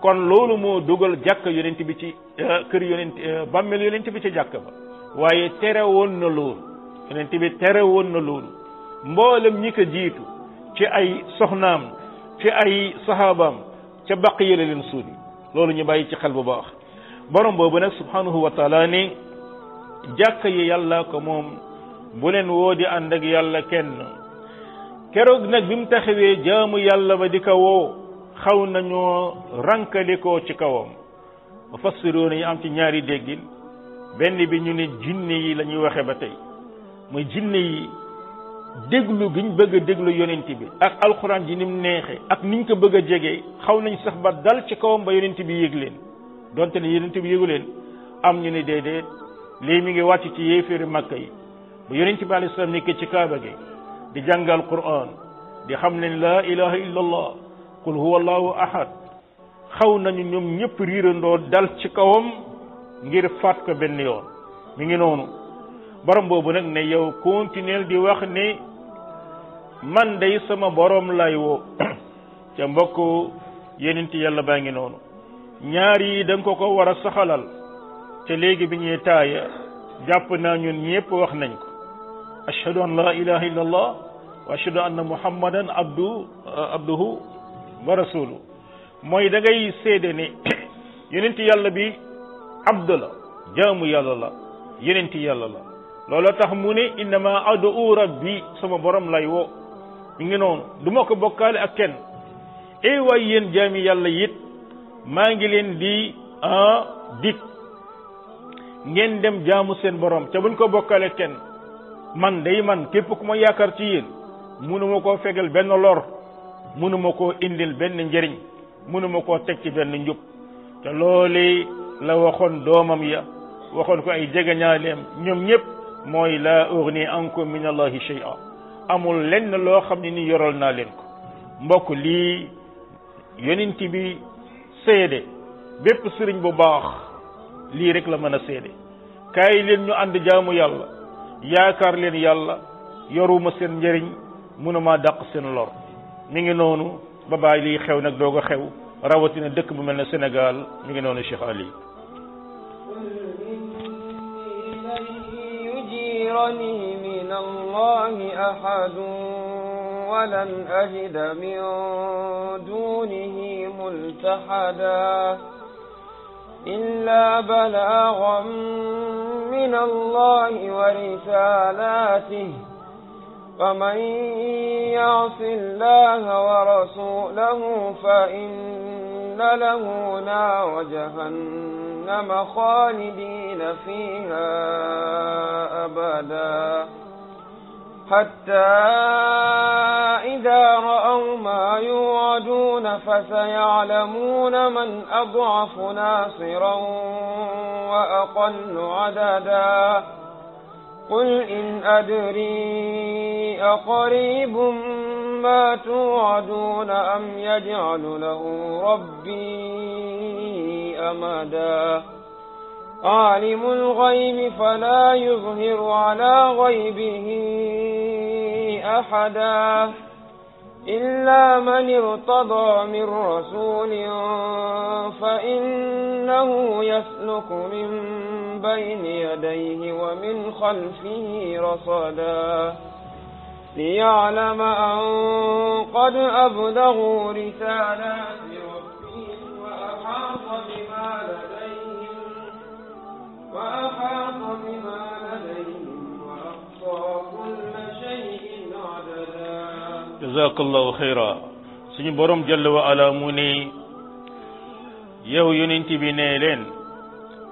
Speaker 2: kon loolu moo dugal jàkk yonent bi ci eh, kër yonent eh, bàmmeel yonent bi ci jàkk ba waaye tere woon na loolu yonent bi tere woon na loolu mboolem ñi ko jiitu ci ay soxnaam ci ay saxaabaam ca baq yële leen suuli loolu ñu bàyyi ci xel bu baax borom boobu nag subhanahu wa taala ni jàkk yi yàlla ko moom bu leen woo di ànd ak yàlla kenn keroog nag bi mu taxawee jaamu yàlla ba di kawoo woo xaw nañoo rànkalikoo ci kawam mufassiroon yi am ci ñaari déggin benn bi ñu ne jinne yi la waxe ba tey mooy jinne yi déglu gi ñu bëgg a déglu yonent bi ak alxuraan ji ni mu neexee ak ñu ko bëgg a jege xaw nañ sax ba dal ci kawam ba yonent bi yëg leen donte ne yonent bi yëgu leen am ñu ne déedéet lii mu ngi wàcc ci yéeféeri makka yi bu yonent bi alayhi salaam nekkee ci kaaba gi di jàng alxuraan di xam leen laa ilaha illa allah qul huwa allahu ahad xaw nañu ñoom ñëpp riirandoo dal ci kawam ngir faat ko benn yoon mi ngi noonu borom boobu nag ne yow continuel di wax ni man day sama borom lay woo (clears throat) ca mbokk yenent yàlla baa ngi noonu ñaar yi da ko ko war a saxalal ca léegi bi ñuy taaya jàpp naa ñun ñëpp wax nañ ko ashhadu an la ilaha illa allah wa ashhadu anna muhammadan abdu abduhu wa rasulu mooy da ngay ni ne (clears throat) yenent yàlla bi abdu la jaamu yàlla la yenent yàlla la looloo tax mu ne innama ad'u bi suma borom lay woo ñu ngi noonu du ko bokkaale ak kenn ey waay yéen jaami yàlla yit maa ngi leen di ah ngeen dem jaamu seen borom ca buñ ko bokkaale kenn man day man képp ku ma yaakaar ci yéen mënuma koo fegal benn lor mënuma koo indil benn njëriñ mënuma koo teg ci benn njub te loole la waxoon doomam ya waxoon ko ay jegeñaaleem ñoom ñëpp mooy laa ughni ankum min allahi shay'a amul lenn loo xam ne ni yoral naa leen ko mbokk lii yonent bi seede bépp sëriñ bu baax lii rek la mën a seede kaay leen ñu ànd jaamu yàlla yaakaar leen yàlla yoruma seen njëriñ mënuma dàq seen lor mu ngi noonu ba bàyyi lii xew nag doog a xew rawatina dëkk bu mel ne Sénégal mi ngi noonu Cheikh Ali
Speaker 1: غيرني من الله أحد ولن أجد من دونه ملتحدا إلا بلاغا من الله ورسالاته فمن يعص الله ورسوله فإن له نار جهنم خالدين فيها أبدا حتى إذا رأوا ما يوعدون فسيعلمون من أضعف ناصرا وأقل عددا قل إن أدري أقريب ما توعدون أم يجعل له ربي أمدا عالم الغيب فلا يظهر على غيبه أحدا إلا من ارتضى من رسول فإنه يسلك من بين يديه ومن خلفه رصدا ليعلم أن قد أبلغوا رسالات ربهم وأحاط بما لديهم وأحاط بما لديهم وأحصى
Speaker 2: جزاك الله خيرا سني بروم جل وعلا موني يهو يننتي بنيلين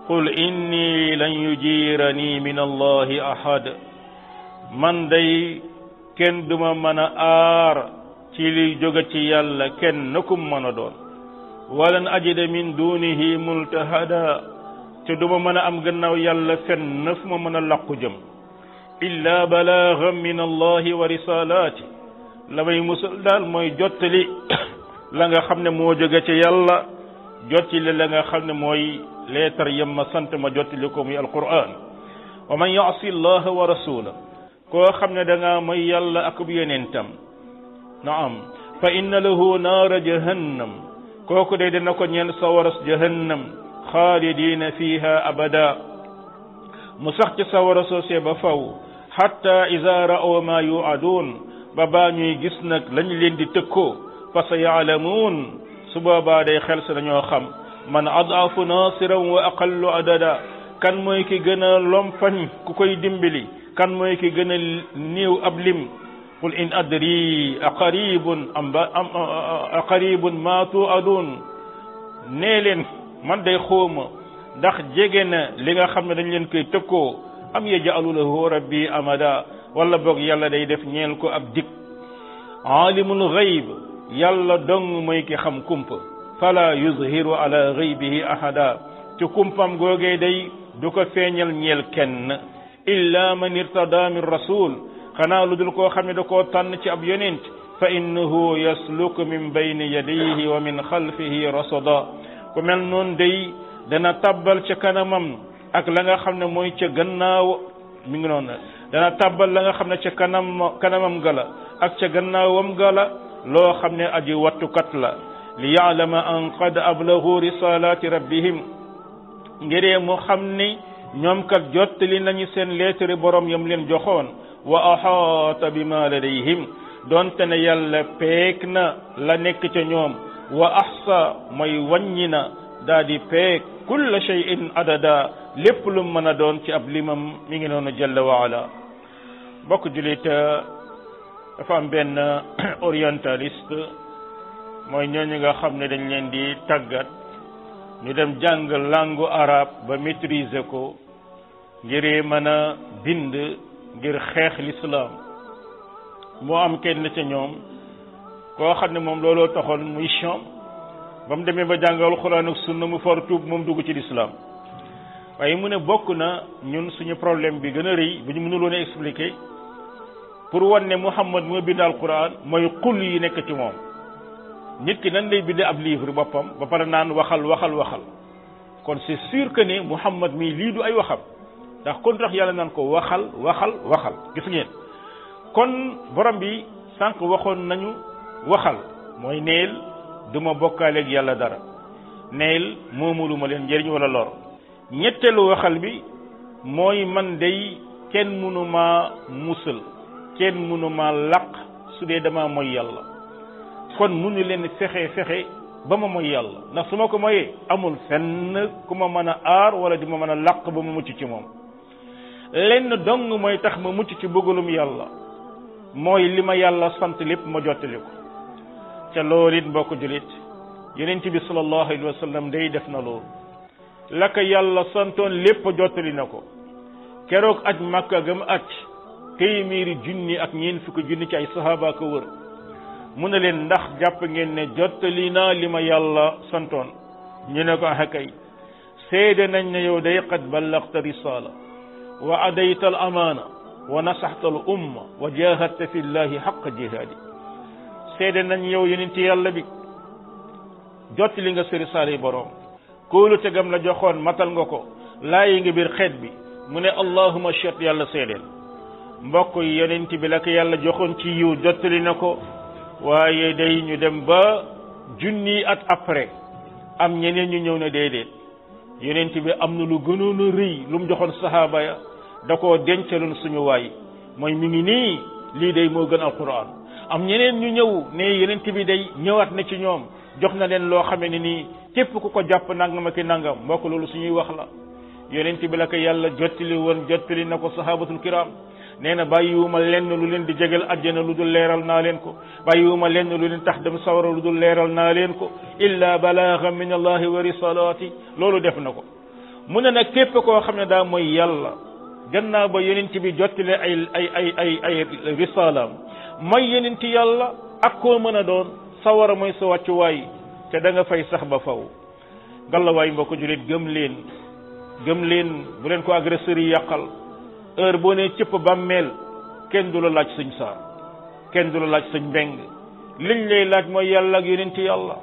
Speaker 2: قل إني لن يجيرني من الله أحد من دي كن دوما من آر تيلي جوغتي يالا كن نكم من دون ولن أجد من دونه ملتهدا تدوما من أم يالا كن نفم من اللقجم إلا بلاغا من الله ورسالاته lamay may musal daal mooy jottali la nga xamne mo jóge ci yàlla jottali la nga xamne moy mooy yam ma sante ma jottali ko muy alquran wa man ya'si allaha wa rasula ko xamne da nga may yàlla ak bu yenentam naam fa inna lahu nar jahannam ko ko de dina ko ñeel sawaras jahannam khalidina fiha abada mu sax ci sawara soosee ba faw hatta iza ra'u ma yuadun babaa baa ñuy gis nag lañ leen di tëkkoo fa sa yaalamuun su boobaa day xel si dañoo xam man adafu nasiran wa aqallu adada kan mooy ki gën a lomfañ ku koy dimbali kan mooy ki gën a néew ab lim qul in adri aqaribun am aqaribun ma tuadun nee leen man day xóoma ndax jege na li nga xam ne dañ leen koy tëkkoo am yaj'alu lahu rabbi amada wala bok yàlla day def ñeel ko ab dik alimul ghaib yàlla dong moy ki xam kumpa fala yuzhiru ala ghaibihi ahada ci kumpam goge day du ko feñal ñeel kenn illa man irtada min rasul xanaa lu dul ko xam da ko tan ci ab yonent fa innahu yasluk min bayni yadayhi wa min khalfihi rasada ku mel non day dana tabal ci kanamam ak la nga xamne moy ci gannaaw mi ngi non dana tàbbal la nga xam ne ca kanam kanamam gala ak ca gannaawam ga la loo xam ne aji wattukat la li yaalama an qad ablahu risalaati rabbihim ngiree mu xam ni ñoom kat jottali nañu seen leetari borom yam leen joxoon wa ahaata bima ladayhim donte ne yàlla peek na la nekk ca ñoom wa ahsa mooy wàññi na daa di peek kulla shay'in adada lépp lu mën a doon ci ab limam mi ngi noonu jalla wa ala bokk jullit euh, dafa am benn euh, orientaliste mooy ñooñu nga xam ne dañ leen di tàggat ñu dem jàng langue arabe ba maîtriser ko ngir mën a bind ngir xeex l'islam moo am kenn ca ñoom koo xam ne moom looloo taxoon muy mission ba mu demee ba jàngal xuraan ak sunna mu for tuub moom dugg ci l'islam waaye mu ne bokk na ñun suñu problème bi gën a rëy bu ñu mënuloon a expliquer pour wonne ne Muhammad moo bind alquran moy qul yi nek ci mom nit ki nan lay bindé ab livre bopam ba pare nan waxal waxal waxal kon c'est sûr que ne Muhammad mi li du ay waxam ndax kon tax yàlla nan ko waxal waxal waxal gis ngeen kon borom bi sank waxon nañu waxal moy neel duma ma ak yàlla dara neel momuluma len jeriñ wala lor ñettelu waxal bi moy man day kenn munuma musul kenn mënuma laq su dee dama mooy yàlla kon mënu leen fexe fexe ba ma mooy yàlla ndax su ma ko moyee amul fenn ku ma mën a aar wala di ma mën a laq ba ma mucc ci moom lenn dong mooy tax ma mucc ci bëggalum yàlla mooy li ma yàlla sant lépp ma jottali ko ca loolu it mbokk julit yonent bi sallallahu alayhi wa sallam day def na loolu la ko yàlla santoon lépp jottali na ko keroog aj màkka gam aj téeméeri junni ak ñeent fukki junni ci ay sahaaba wër mu ne leen ndax jàpp ngeen ne jottali na li ma yàlla santoon ñu ne ko ah kay seede nañ ne yow day qad ballagta risaala wa adayta al amaana wa nasaxta al wa jahadta fi llahi xaqa jihaadi seede nañ yow yonent yàlla bi jottali nga sa risaala yi boroom kóolu tegam la joxoon matal nga ko laayi nga biir xeet bi mu ne allahuma chet yàlla seedeel mbokk yi yonent bi la ko yàlla joxoon ci yiw jottali na ko waaye day ñu dem ba junni at après am ñeneen ñu ñëw ne déedéet yonent bi am na lu gënoon a rëy lu mu joxoon saxaaba ya da koo dencaloon suñu waay mooy mu ngi nii lii day moo gën alquran am ñeneen ñu ñëw ne yonent bi day ñëwaat na ci ñoom jox na leen loo xamee ni nii képp ku ko jàpp nangam ak nangam mbokk loolu suñuy wax la yonent bi la ko yàlla jottali woon jottali na ko sahabatul kiram nee na bàyyiwuma lenn lu leen di jegal àjjana lu dul leeral naa leen ko bàyyiwuma lenn lu tax dem sawara lu dul leeral naa leen ko illa balaaga min allahi wa risalaati loolu def ko mu ne nag képp koo xam ne daa mooy yàlla gannaaw ba yonent bi jottile ay ay ay ay ay risalaam mooy yonent yàlla ak koo mën a doon sawara mooy sa wàccuwaay te danga fay sax ba faw ngalla waay mbokk julit gëm leen gëm leen bu leen ko agresseurs yi yàqal heure boo nee cëpp bàmmeel kenn du laaj sëñ saar kenn du laaj sëñ mbeng liñ lay laaj mooy yàlla ak yonent yàlla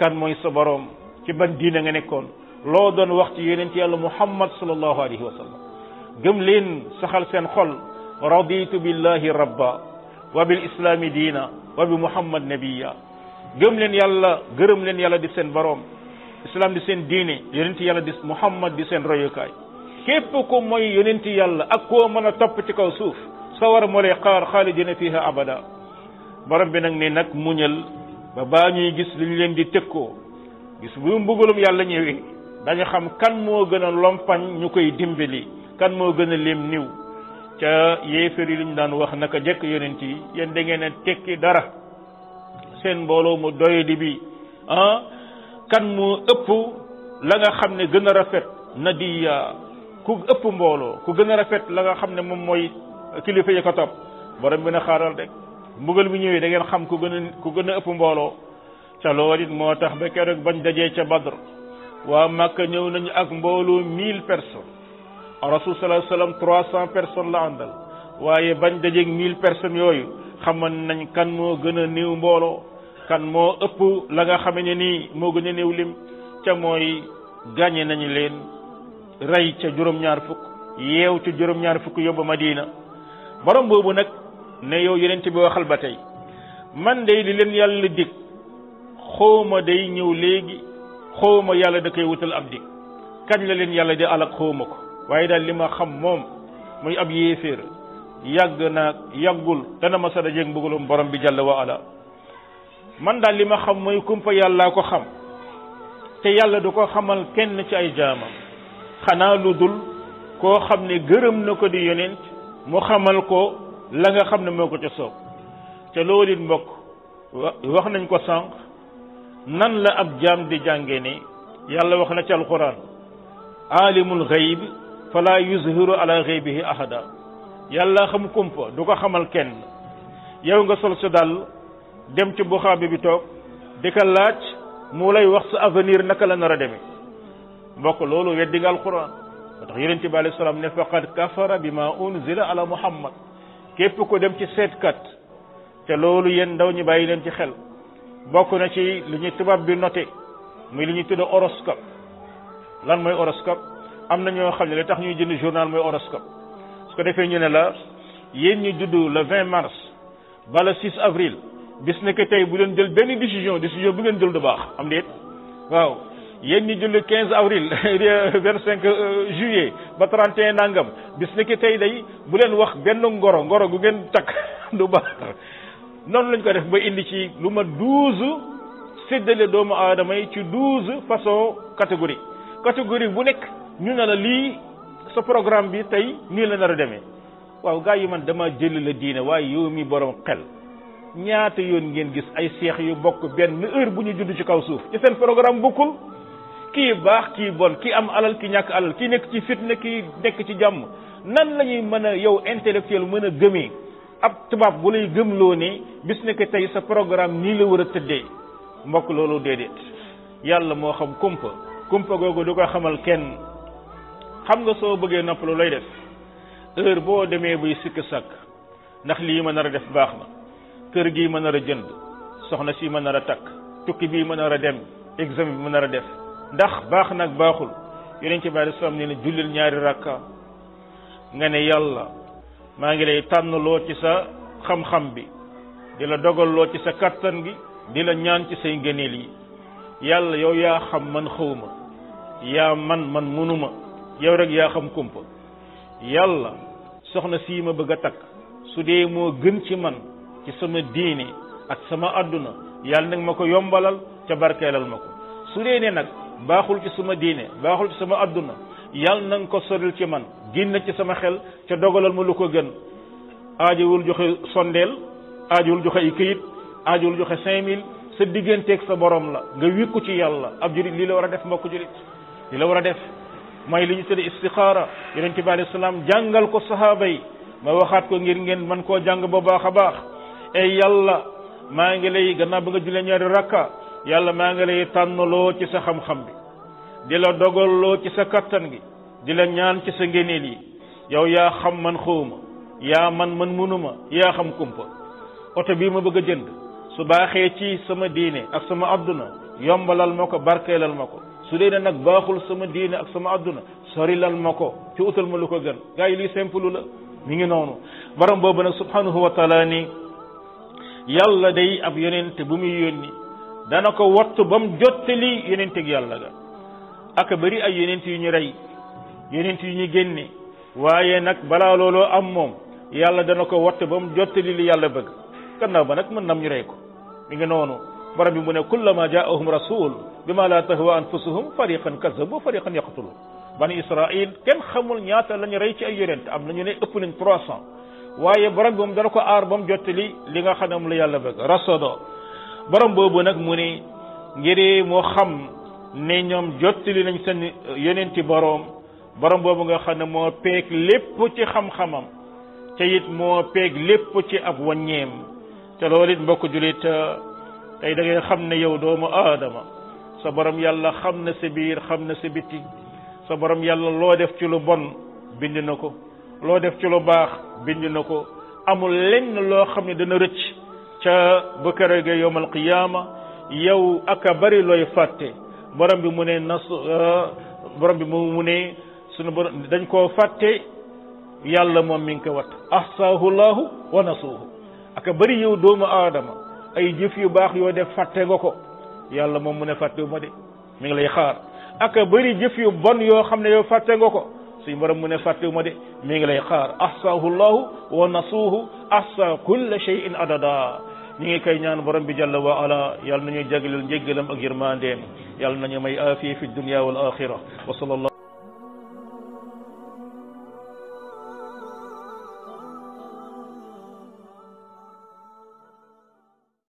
Speaker 2: kan mooy sa boroom ci ban diina nga nekkoon loo doon wax ci yonent yàlla muhammad sallallahu alayhi wa sallam gëm leen saxal seen xol raditu billahi rabba wa bil islaami diina wa bi muhammad nabiya gëm leen yàlla gërëm leen yàlla di seen boroom islam di seen diine yonent yàlla di muhammad di seen royukaay képp ku mooy yonenti yàlla ak koo mën a topp ci kaw suuf sawar moo lay xaar xaalidina fiha abada borom bi nag ne nag muñal ba baa ñuy gis li ñu leen di tëkkoo gis bu mbugalum yàlla ñëwee dañu xam kan moo gën a lompañ ñu koy dimbali kan moo gën a lim niw ca yéefar yi liñ daan wax naka jëkk yonent yi yéen da ngeen a tekki dara seen mbooloo mu doy di bi ah, kan moo ëpp la nga xam ne gën a rafet na di ku ëpp mbooloo ku gën a rafet la nga xam ne moom mooy kilifa yi ko topp borom bi na xaaral rek mbugal mi ñëwee da ngeen xam ku gën a ku gën a ëpp mbooloo ca lool it moo tax ba keroog bañ dajee ca Badr waa Màkka ñëw nañu ak mbooloo mille personnes rasul sallallahu alayhi wasallam trois cent la àndal waaye bañ dajeeg mille personnes yooyu xamoon nañ kan moo gën a néew mbooloo kan moo ëpp la nga xame ni nii moo gën a néew lim ca mooy gàññe nañu leen rey ca juróom-ñaar fukk yeew ca juróom-ñaar fukk yóbbu Madina borom boobu nag ne yow yeneen bi waxal ba tey man day li leen yàlla dig xawma day ñëw léegi xawma yàlla da koy wutal ab dig kañ la leen yàlla di alak xawma ko waaye daal li ma xam moom muy ab yéeféer yàgg naa yàggul dana ma sada dajeeg mbugalum borom bi jàll wa ala man daal li ma xam mooy kumpa yàllaa ko xam te yàlla du ko xamal kenn ci ay jaamam xanaa lu dul koo xam ne gërëm na ko di yonent mu xamal ko la nga xam ne moo ko ca soob te loolu it mbokk wax nañ ko sànq nan la ab jaam di jànge ni yàlla wax na ci alquran aalimul xayb fala yuzhiru ala xaybihi ahada yàlla xam kumpa du ko xamal kenn yow nga sol sa dàll dem ci buxaabi bi toog di ko laaj mu lay wax su avenir naka la nar deme mbokk loolu weddi nga alquran ba tax yonente bi alayhi salaam ne faqad kafara bima unzila ala muhammad képp ko dem ci seetkat te loolu yéen ndaw ñi bàyyi leen ci xel bokk na ci li ñu tubaab bi noté muy li ñuy tudde horoscope lan mooy horoscope am na ñoo xam ne li tax ñuy jënd journal mooy horoscope su ko defee ñu ne la yéen ñu judd le 20 mars ba le 6 avril bis ne que tey bu leen jël benn décision décision bu ngeen jël du baax am déet waaw yéen ñi julli 15 avril 25 (laughs) euh, juillet ba 31 nangam bis ni ki tey day bu leen wax benn ngoro ngoro gu ngeen takk (laughs) du baax noonu lañ ko def ba indi ci lu ma 12 séddale doomu aadama yi ci 12 façon catégorie catégorie bu nekk ñu ne la lii sa programme bi tey nii la nar a demee waaw gaa yi man dama jëli la diine waaye yow mi borom xel ñaata yoon ngeen gis ay seex yu bokk benn heure bu ñu judd ci kaw suuf ci seen programme bokkul. kii baax kii bon kii am alal ki ñàkk alal kii nekk ci fitna ki nekk ci jàmm nan lañuy mën a yow intellectuel mën a gëmee ab tubaab bu lay gëmloo ne bis nekk tey sa programme nii la war a tëddee mbokk loolu déedéet yàlla moo xam kumpa kumpa googu du ko xamal kenn xam nga soo bëggee noppalu lay def heure boo demee buy sikk sàkk ndax lii ma nar a def baax na kër gii ma nar a jënd soxna si ma nar a takk tukki bii ma nar a dem examen bi ma nar a def ndax baax nag baaxul yonent bi aleyhi salaam nee na jullil ñaari rakka nga ne yàlla maa ngi lay tànnaloo ci sa xam-xam bi di la dogal ci sa kattan gi di la ñaan ci say ngëneel yi yàlla yow yaa xam man xawma yaa man man munuma yow rek yaa xam kumpa yàlla soxna sii ma bëgg a takk su dee moo gën ci man ci sama diine ak sama àdduna yàlla nag ma ko yombalal ca barkeelal ma ko su dee ne nag baaxul ci suma diine baaxul ci sama adduna yàlla na ko soril ci man génn ci sama xel ca dogalal ma lu ko gën aajowul joxe sondeel aajowul joxe ay këyit joxe cinq mille sa digganteek sa borom la nga wékku ci yàlla ab jurit lii la war a def mbokku jurit lii la war a def mooy li ñu tudde istixaara yonente bi alayhi salaam jàngal ko sahaaba yi ma waxaat ko ngir ngeen man koo jàng ba baax a baax ey yàlla maa ngi lay gannaaw ba nga julee ñaari rakka yàlla maa ngi lay tànnaloo ci sa xam-xam bi di la dogaloo ci sa kattan gi di la ñaan ci sa ngéneel yi yow yaa xam man xawma yaa man man mënuma yaa xam kumpa oto bii ma bëgg a jënd su baaxee ci sama diine ak sama adduna yombalal ma ko barkeelal ma ko su dee nag baaxul sama diine ak sama adduna sorilal ma ko ci utal ma lu ko gën gaa yi lii la mi ngi noonu borom boobu nag subhanahu wa taala ni yàlla day ab yonent bu muy nii dana ko wattu ba mu jottali yenent ak yàlla ga aka bëri ay yenent yu ñu rey yenent yu ñu génne waaye nag balaa looloo am moom yàlla dana ko wattu ba mu jottali li yàlla bëgg gannaaw ba nag mën nam ñu rey ko mi ngi noonu borom bi mu ne kullama jaahum rasul bima la tahwa anfusuhum fariqan kazabu fariqan yaqtulu bani israil kenn xamul ñaata la ñu rey ci ay yonent am nañu ne ëpp nañ trois cent waaye borom bi moom dana ko aar ba mu jottali li nga xam ne moom la yàlla bëgg rasodo borom boobu nag mu ni ngir moo xam ne ñoom jottali nañ seen yonenti boroom borom boobu nga xam ne moo peeg lépp ci xam-xamam te it moo peeg lépp ci ab waññeem te loolu it mbokk jullit tey da xam ne yow doomu aadama sa borom yàlla xam na sa biir xam na sa biti sa borom yàlla loo def ci lu bon bind na ko loo def ci lu baax bind na ko amul lenn loo xam ne dana rëcc ca ba kër ga yowmal qiyaama yow aka bari looy fàtte borom bi mu ne nas euh, borom bi mu ne sunu borom dañ koo fàtte yàlla moom mi ngi ko wat ahsaahu laahu wa nasuuhu aka bari yow doomu aadama ay jëf yu baax yoo def fàtte nga ko yàlla moom mu ne fàttewu ma de mi ngi lay xaar aka bari jëf yu bon yoo xam ne yow fàtte nga ko suñu borom mu ne fàttewu ma de mi ngi lay xaar ahsaahu laahu wa nasuuhu ahsaa kulla shay'in adada ñi ngi koy ñaan borom bi jalla wa ala yal nañu jaglal njéggalam ak yërmandeem yal nañu may afiya fi dunya wal akhirah wa sallallahu